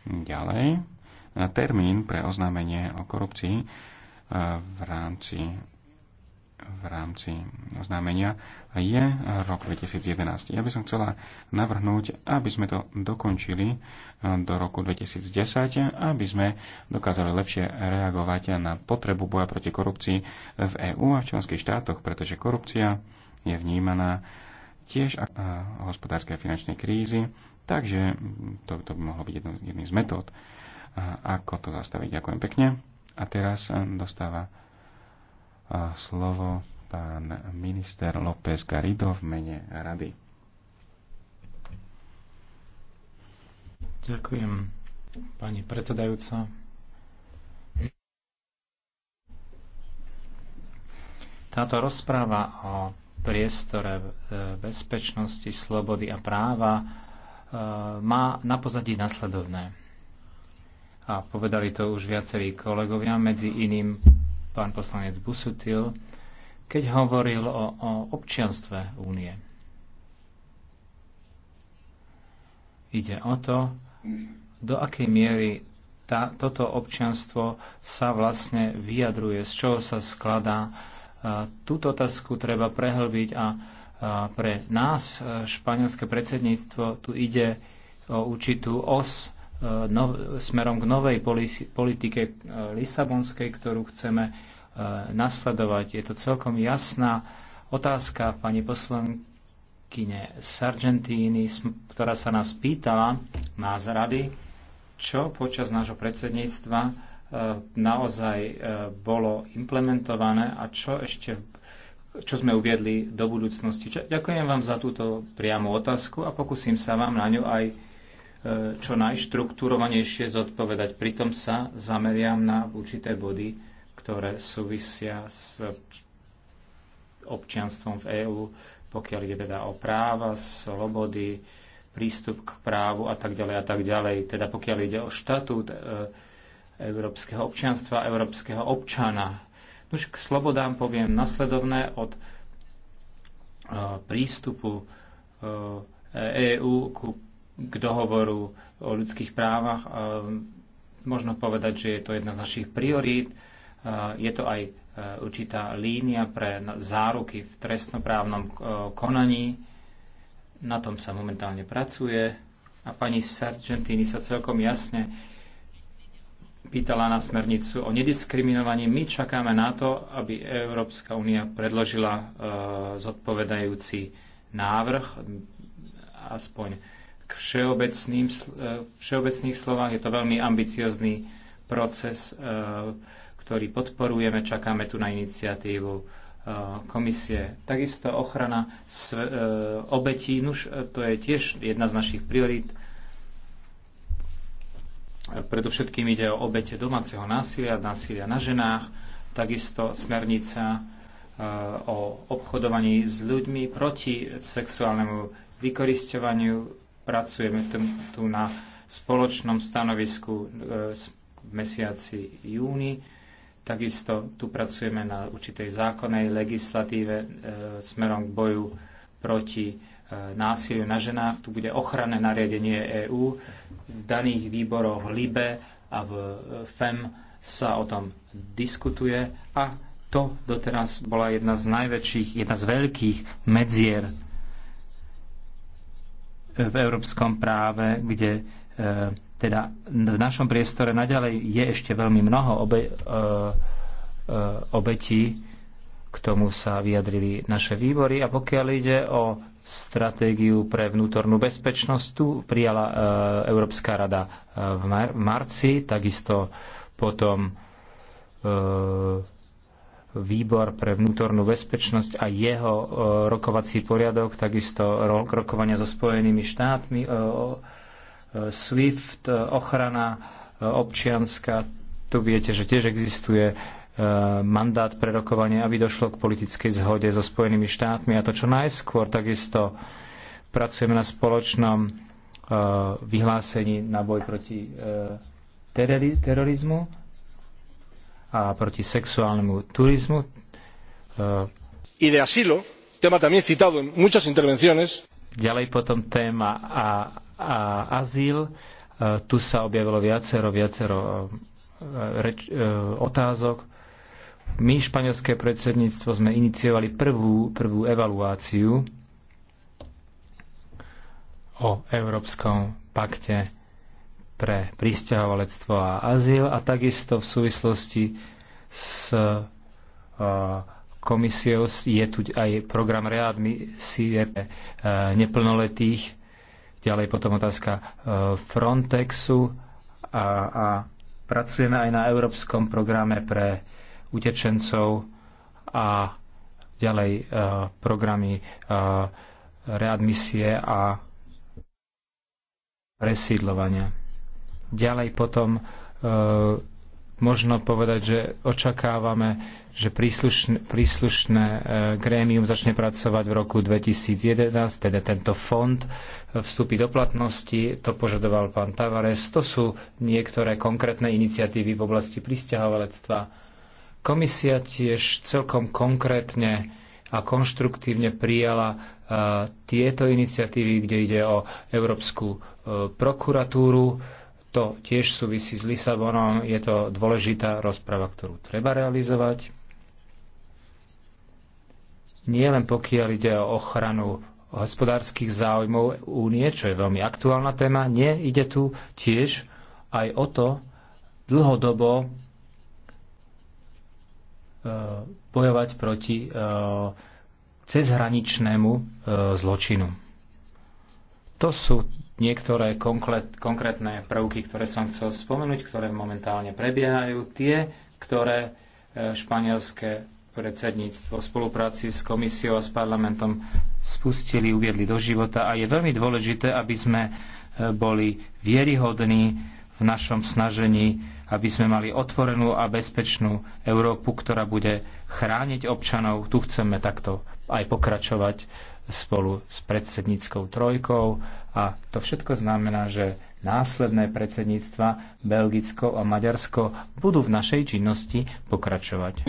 Ďalej, termín pre oznámenie o korupcii e, v rámci v rámci oznámenia je rok 2011. Ja by som chcela navrhnúť, aby sme to dokončili e, do roku 2010, aby sme dokázali lepšie reagovať na potrebu boja proti korupcii v EÚ a v členských štátoch, pretože korupcia je vnímaná tiež ako e, hospodárskej a finančnej krízy, takže to, to by mohlo byť jedno, jedný z metód, ako to zastaviť. Ďakujem pekne. A teraz e, dostáva slovo pán minister López Garido v mene rady. Ďakujem, pani predsedajúca. Táto rozpráva o priestore e, bezpečnosti, slobody a práva e, má na pozadí nasledovné. A povedali to už viacerí kolegovia, medzi iným pán poslanec Busutil, keď hovoril o, o občianstve únie. Ide o to, do akej miery tá, toto občianstvo sa vlastne vyjadruje, z čoho sa skladá. Túto otázku treba prehlbiť a pre nás, e, španielské predsedníctvo, tu ide o určitú os no, smerom k novej politike e, Lisabonskej, ktorú chceme e, nasledovať. Je to celkom jasná otázka pani poslankyne Sargentini, ktorá sa nás pýtala, nás rady, čo počas nášho predsedníctva naozaj bolo implementované a čo ešte čo sme uviedli do budúcnosti. Ďakujem vám za túto priamu otázku a pokúsim sa vám na ňu aj E, čo najštruktúrovanejšie zodpovedať. Pritom sa zameriam na určité body, ktoré súvisia s občianstvom v EÚ, pokiaľ ide teda o práva, slobody, prístup k právu a tak ďalej a tak ďalej. Teda pokiaľ ide o štatút e, európskeho občianstva, európskeho občana. Už k slobodám poviem nasledovné od e, prístupu EÚ ku k dohovoru o ľudských právach. Možno povedať, že je to jedna z našich priorít. Je to aj e, určitá línia pre záruky v trestnoprávnom e, konaní. Na tom sa momentálne pracuje. A pani Sargentini sa celkom jasne pýtala na smernicu o nediskriminovaní. My čakáme na to, aby Európska únia predložila e, zodpovedajúci návrh, aspoň k všeobecným, e, všeobecných slovách. Je to veľmi ambiciozný proces, e, ktorý podporujeme. Čakáme tu na iniciatívu e, komisie. Takisto ochrana obetí, nuž, to je tiež jedna z našich priorít. Predovšetkým ide o obete domáceho násilia, násilia na ženách, takisto smernica o obchodovaní s ľuďmi proti sexuálnemu vykoristovaniu pracujeme tu na spoločnom stanovisku e, v mesiaci júni. Takisto tu pracujeme na určitej zákonnej legislatíve e, smerom k boju proti e, násiliu na ženách. Tu bude ochranné nariadenie EÚ. V daných výboroch LIBE a v FEM sa o tom diskutuje a to doteraz bola jedna z najväčších, jedna z veľkých medzier v európskom práve, kde e, teda v našom priestore naďalej je ešte veľmi mnoho obe, e, e, obetí, k tomu sa vyjadrili naše výbory a pokiaľ ide o stratégiu pre vnútornú bezpečnosť, tu prijala Európska rada v marci, takisto potom výbor pre vnútornú bezpečnosť a jeho e, rokovací poriadok, takisto rokovania so Spojenými štátmi, e, e, SWIFT, ochrana občianska. Tu viete, že tiež existuje mandát pre rokovanie, aby došlo k politickej zhode so Spojenými štátmi a to čo najskôr. Takisto pracujeme na spoločnom vyhlásení na boj proti terorizmu a proti sexuálnemu turizmu. E, y de asilo, tema también citado en muchas intervenciones. Ďalej potom téma a, a azyl. E, tu sa objavilo viacero, viacero e, reč, otázok. My, španielské predsedníctvo, sme iniciovali prvú, prvú evaluáciu o Európskom pakte pre pristahovalectvo a azyl a takisto v súvislosti s e, komisiou je tu aj program readmisie e, neplnoletých, ďalej potom otázka e, Frontexu a, a pracujeme aj na európskom programe pre utečencov a ďalej programy readmisie a presídlovania. Ďalej potom e, možno povedať, že očakávame, že príslušné, príslušné e, grémium začne pracovať v roku 2011, teda tento fond e, vstúpi do platnosti, to požadoval pán Tavares. To sú niektoré konkrétne iniciatívy v oblasti pristahovalectva. Komisia tiež celkom konkrétne a konštruktívne prijala tieto iniciatívy, kde ide o Európsku prokuratúru, to tiež súvisí s Lisabonom. Je to dôležitá rozprava, ktorú treba realizovať. Nie len pokiaľ ide o ochranu hospodárskych záujmov únie, čo je veľmi aktuálna téma. Nie, ide tu tiež aj o to dlhodobo e, bojovať proti e, cezhraničnému e, zločinu. To sú niektoré konkrétne prvky, ktoré som chcel spomenúť, ktoré momentálne prebiehajú, tie, ktoré e, španielské predsedníctvo v spolupráci s komisiou a s parlamentom spustili, uviedli do života a je veľmi dôležité, aby sme e, boli vieryhodní v našom snažení aby sme mali otvorenú a bezpečnú Európu, ktorá bude chrániť občanov. Tu chceme takto aj pokračovať spolu s predsedníckou trojkou a to všetko znamená, že následné predsedníctva Belgicko a Maďarsko budú v našej činnosti pokračovať.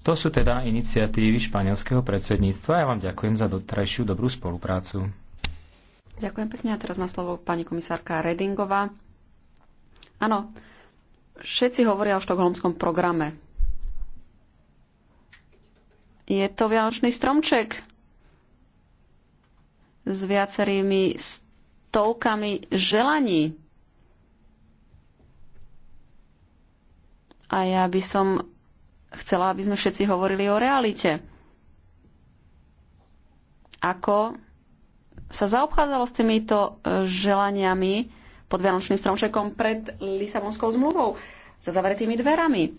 To sú teda iniciatívy španielského predsedníctva. Ja vám ďakujem za dotrajšiu dobrú spoluprácu. Ďakujem pekne. A teraz má slovo pani komisárka Redingová. Áno, všetci hovoria o štokholmskom programe. Je to vianočný stromček s viacerými stovkami želaní. A ja by som chcela, aby sme všetci hovorili o realite. Ako sa zaobchádzalo s týmito e, želaniami pod Vianočným stromčekom pred Lisabonskou zmluvou za zavretými dverami.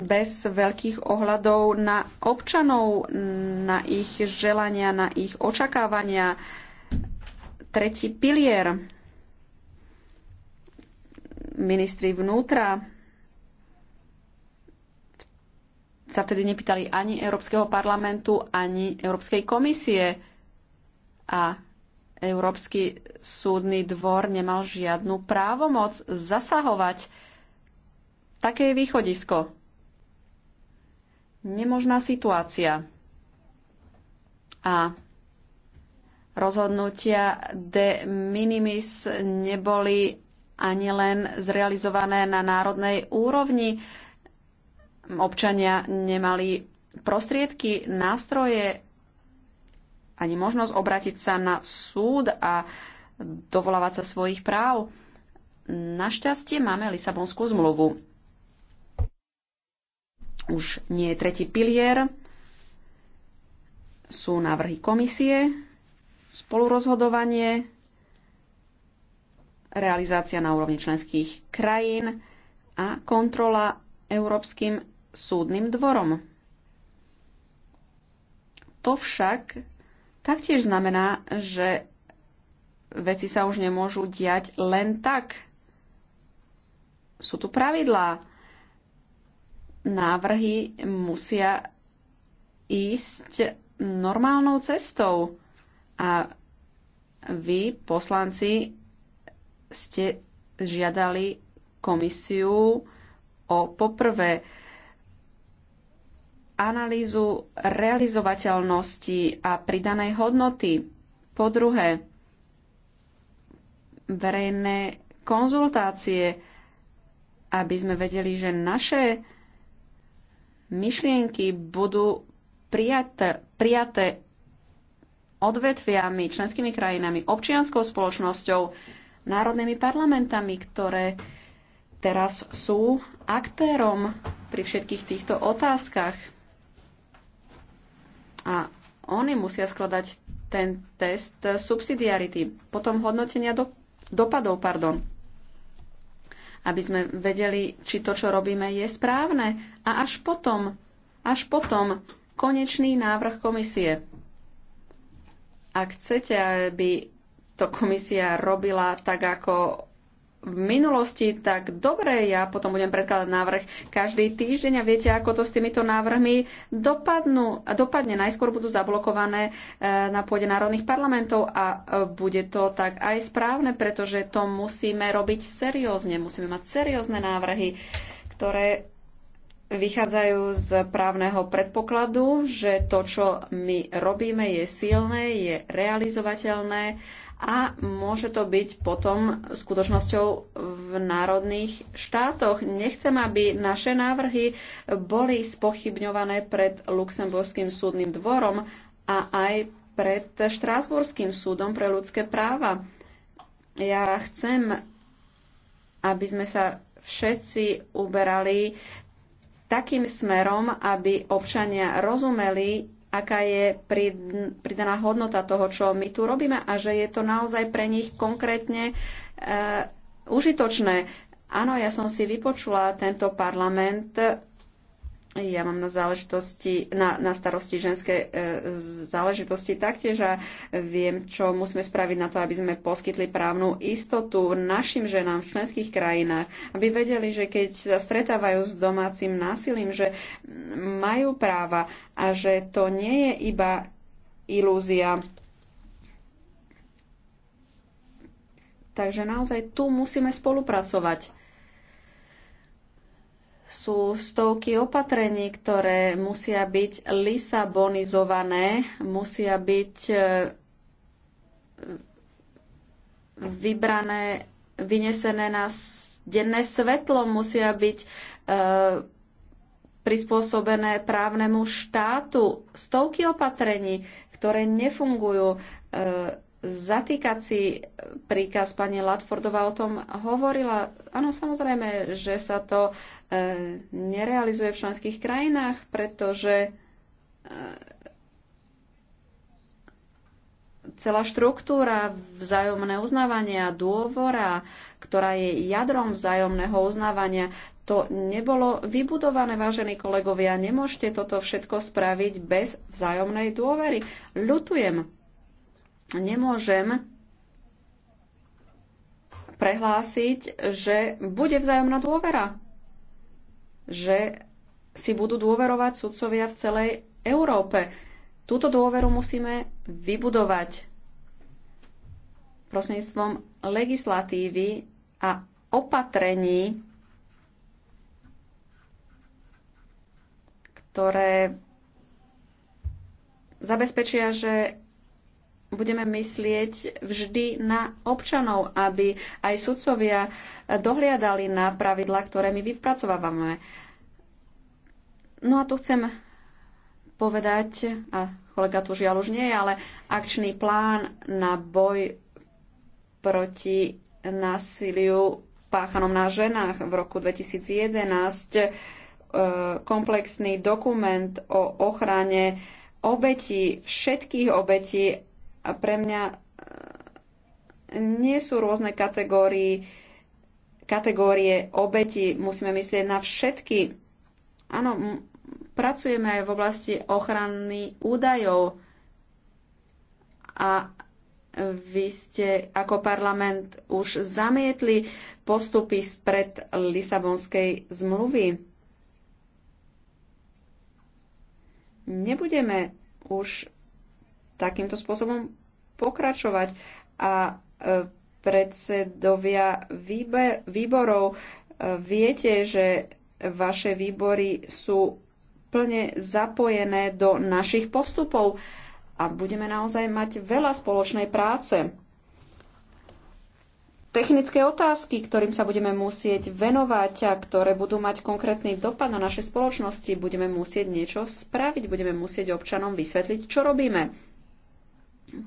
Bez veľkých ohľadov na občanov, na ich želania, na ich očakávania. Tretí pilier. Ministri vnútra sa vtedy nepýtali ani Európskeho parlamentu, ani Európskej komisie. A Európsky súdny dvor nemal žiadnu právomoc zasahovať. Také je východisko. Nemožná situácia. A rozhodnutia de minimis neboli ani len zrealizované na národnej úrovni Hm. občania nemali prostriedky, nástroje, ani možnosť obratiť sa na súd a dovolávať sa svojich práv. Našťastie máme Lisabonskú zmluvu. Už nie je tretí pilier, sú návrhy komisie, spolurozhodovanie, realizácia na úrovni členských krajín a kontrola Európskym súdnym dvorom. To však taktiež znamená, že veci sa už nemôžu diať len tak. Sú tu pravidlá. Návrhy musia ísť normálnou cestou. A vy, poslanci, ste žiadali komisiu o poprvé analýzu realizovateľnosti a pridanej hodnoty. Po druhé, verejné konzultácie, aby sme vedeli, že naše myšlienky budú prijaté, prijaté odvetviami, členskými krajinami, občianskou spoločnosťou, národnými parlamentami, ktoré teraz sú aktérom pri všetkých týchto otázkach a oni musia skladať ten test subsidiarity, potom hodnotenia do, dopadov, pardon, aby sme vedeli, či to, čo robíme, je správne. A až potom, až potom konečný návrh komisie. Ak chcete, aby to komisia robila tak, ako v minulosti, tak dobre, ja potom budem predkladať návrh každý týždeň a viete, ako to s týmito návrhmi dopadnú. Dopadne najskôr budú zablokované e, na pôde národných parlamentov a e, bude to tak aj správne, pretože to musíme robiť seriózne. Musíme mať seriózne návrhy, ktoré vychádzajú z právneho predpokladu, že to, čo my robíme, je silné, je realizovateľné a môže to byť potom skutočnosťou v národných štátoch. Nechcem, aby naše návrhy boli spochybňované pred Luxemburským súdnym dvorom a aj pred Štrásburským súdom pre ľudské práva. Ja chcem, aby sme sa všetci uberali takým smerom, aby občania rozumeli aká je pridaná hodnota toho, čo my tu robíme a že je to naozaj pre nich konkrétne e, užitočné. Áno, ja som si vypočula tento parlament ja mám na, záležitosti, na, na starosti ženské e, záležitosti taktiež a viem, čo musíme spraviť na to, aby sme poskytli právnu istotu našim ženám v členských krajinách, aby vedeli, že keď sa stretávajú s domácim násilím, že majú práva a že to nie je iba ilúzia. Takže naozaj tu musíme spolupracovať sú stovky opatrení, ktoré musia byť lisabonizované, musia byť e, vybrané, vynesené na denné svetlo, musia byť e, prispôsobené právnemu štátu. Stovky opatrení, ktoré nefungujú. E, Zatýkací príkaz pani Latfordová o tom hovorila. Áno, samozrejme, že sa to e, nerealizuje v členských krajinách, pretože e, celá štruktúra vzájomného uznávania, dôvora, ktorá je jadrom vzájomného uznávania, to nebolo vybudované, vážení kolegovia. Nemôžete toto všetko spraviť bez vzájomnej dôvery. Ľutujem nemôžem prehlásiť, že bude vzájomná dôvera. Že si budú dôverovať sudcovia v celej Európe. Túto dôveru musíme vybudovať prostredníctvom legislatívy a opatrení, ktoré zabezpečia, že budeme myslieť vždy na občanov, aby aj sudcovia dohliadali na pravidla, ktoré my vypracovávame. No a tu chcem povedať, a kolega tu žiaľ už nie je, ale akčný plán na boj proti násiliu páchanom na ženách v roku 2011, e, komplexný dokument o ochrane obetí, všetkých obetí a pre mňa e, nie sú rôzne kategórie, kategórie obeti. Musíme myslieť na všetky. Áno, pracujeme aj v oblasti ochrany údajov a vy ste ako parlament už zamietli postupy spred Lisabonskej zmluvy. Nebudeme už takýmto spôsobom pokračovať. A e, predsedovia výber, výborov, e, viete, že vaše výbory sú plne zapojené do našich postupov a budeme naozaj mať veľa spoločnej práce. Technické otázky, ktorým sa budeme musieť venovať a ktoré budú mať konkrétny dopad na naše spoločnosti, budeme musieť niečo spraviť, budeme musieť občanom vysvetliť, čo robíme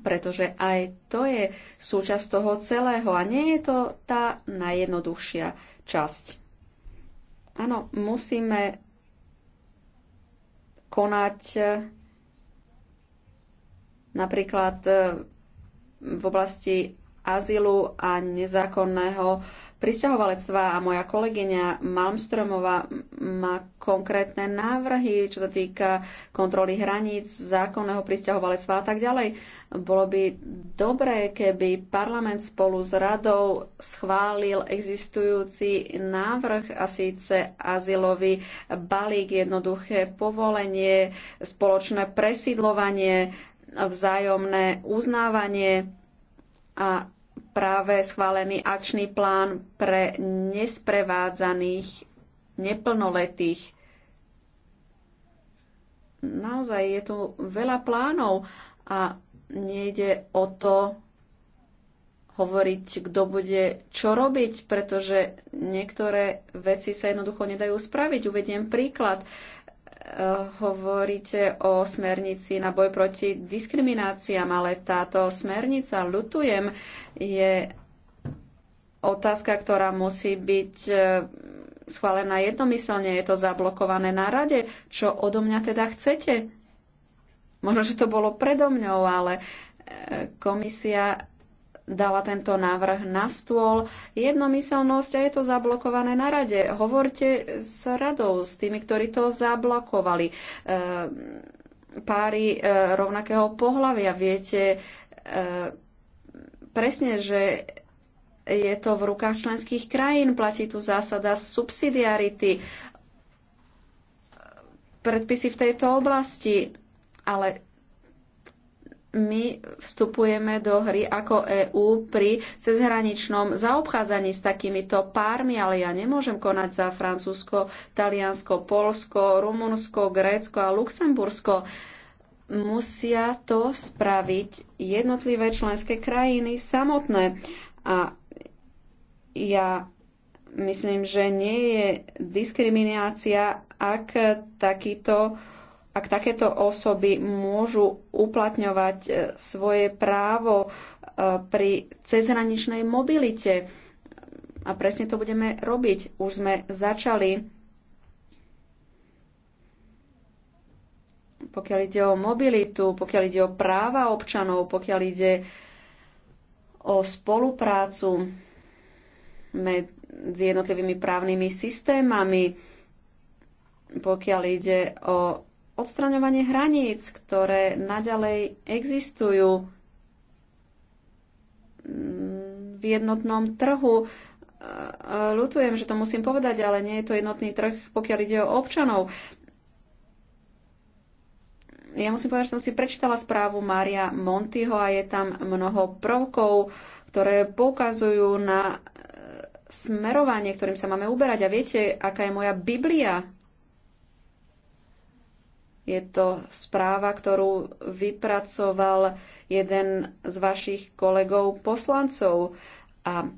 pretože aj to je súčasť toho celého a nie je to tá najjednoduchšia časť. Áno, musíme konať eh, napríklad eh, v oblasti azylu a nezákonného pristahovalectva a moja kolegyňa Malmstromová má konkrétne návrhy, čo sa týka kontroly hraníc, zákonného pristahovalectva a tak ďalej. Bolo by dobré, keby parlament spolu s radou schválil existujúci návrh a síce azylový balík, jednoduché povolenie, spoločné presidlovanie, vzájomné uznávanie a práve schválený akčný plán pre nesprevádzaných neplnoletých. Naozaj je tu veľa plánov a nejde o to hovoriť, kto bude čo robiť, pretože niektoré veci sa jednoducho nedajú spraviť. Uvediem príklad. Uh, hovoríte o smernici na boj proti diskrimináciám, ale táto smernica, ľutujem, je otázka, ktorá musí byť e, schválená jednomyselne, je to zablokované na rade. Čo odo mňa teda chcete? Možno, že to bolo predo mňou, ale e, komisia dala tento návrh na stôl. Jednomyselnosť a je to zablokované na rade. Hovorte s radou, s tými, ktorí to zablokovali. E, páry e, rovnakého pohľavia viete e, presne, že je to v rukách členských krajín, platí tu zásada subsidiarity, predpisy v tejto oblasti, ale my vstupujeme do hry ako EÚ pri cezhraničnom zaobchádzaní s takýmito pármi, ale ja nemôžem konať za Francúzsko, Taliansko, Polsko, Rumunsko, Grécko a Luxembursko. Musia to spraviť jednotlivé členské krajiny samotné. A ja myslím, že nie je diskriminácia, ak takýto ak takéto osoby môžu uplatňovať e, svoje právo e, pri cezhraničnej mobilite. A presne to budeme robiť. Už sme začali. Pokiaľ ide o mobilitu, pokiaľ ide o práva občanov, pokiaľ ide o spoluprácu medzi jednotlivými právnymi systémami, pokiaľ ide o odstraňovanie hraníc, ktoré naďalej existujú v jednotnom trhu. E, ľutujem, že to musím povedať, ale nie je to jednotný trh, pokiaľ ide o občanov. Ja musím povedať, že som si prečítala správu Mária Montyho a je tam mnoho prvkov, ktoré poukazujú na e, smerovanie, ktorým sa máme uberať. A viete, aká je moja Biblia je to správa, ktorú vypracoval jeden z vašich kolegov poslancov a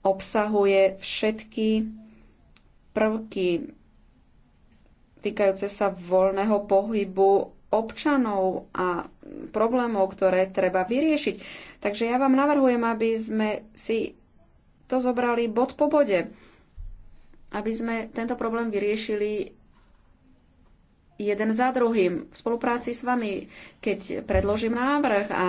obsahuje všetky prvky týkajúce sa voľného pohybu občanov a problémov, ktoré treba vyriešiť. Takže ja vám navrhujem, aby sme si to zobrali bod po bode, aby sme tento problém vyriešili jeden za druhým v spolupráci s vami, keď predložím návrh a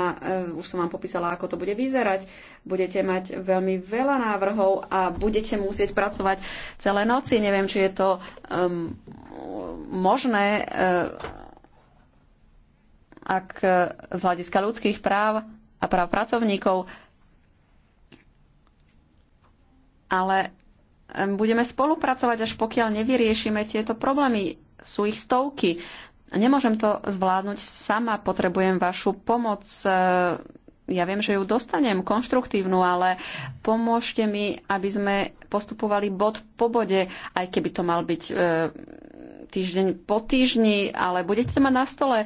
uh, už som vám popísala, ako to bude vyzerať, budete mať veľmi veľa návrhov a budete musieť pracovať celé noci. Neviem, či je to um, možné, uh, ak e, z hľadiska ľudských práv a práv pracovníkov, ale budeme spolupracovať, až pokiaľ nevyriešime tieto problémy sú ich stovky. Nemôžem to zvládnuť sama, potrebujem vašu pomoc. E, ja viem, že ju dostanem konštruktívnu, ale pomôžte mi, aby sme postupovali bod po bode, aj keby to mal byť e, týždeň po týždni, ale budete to mať na stole.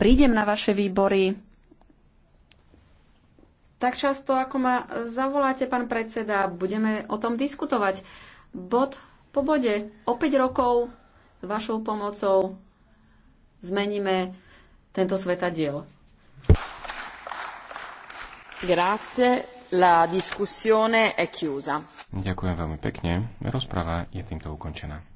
Prídem na vaše výbory. Tak často, ako ma zavoláte, pán predseda, budeme o tom diskutovať. Bod po bode. O 5 rokov vašou pomocou zmeníme tento diel. Grazie, la discussione è chiusa. Ďakujem veľmi pekne. Rozprava je týmto ukončená.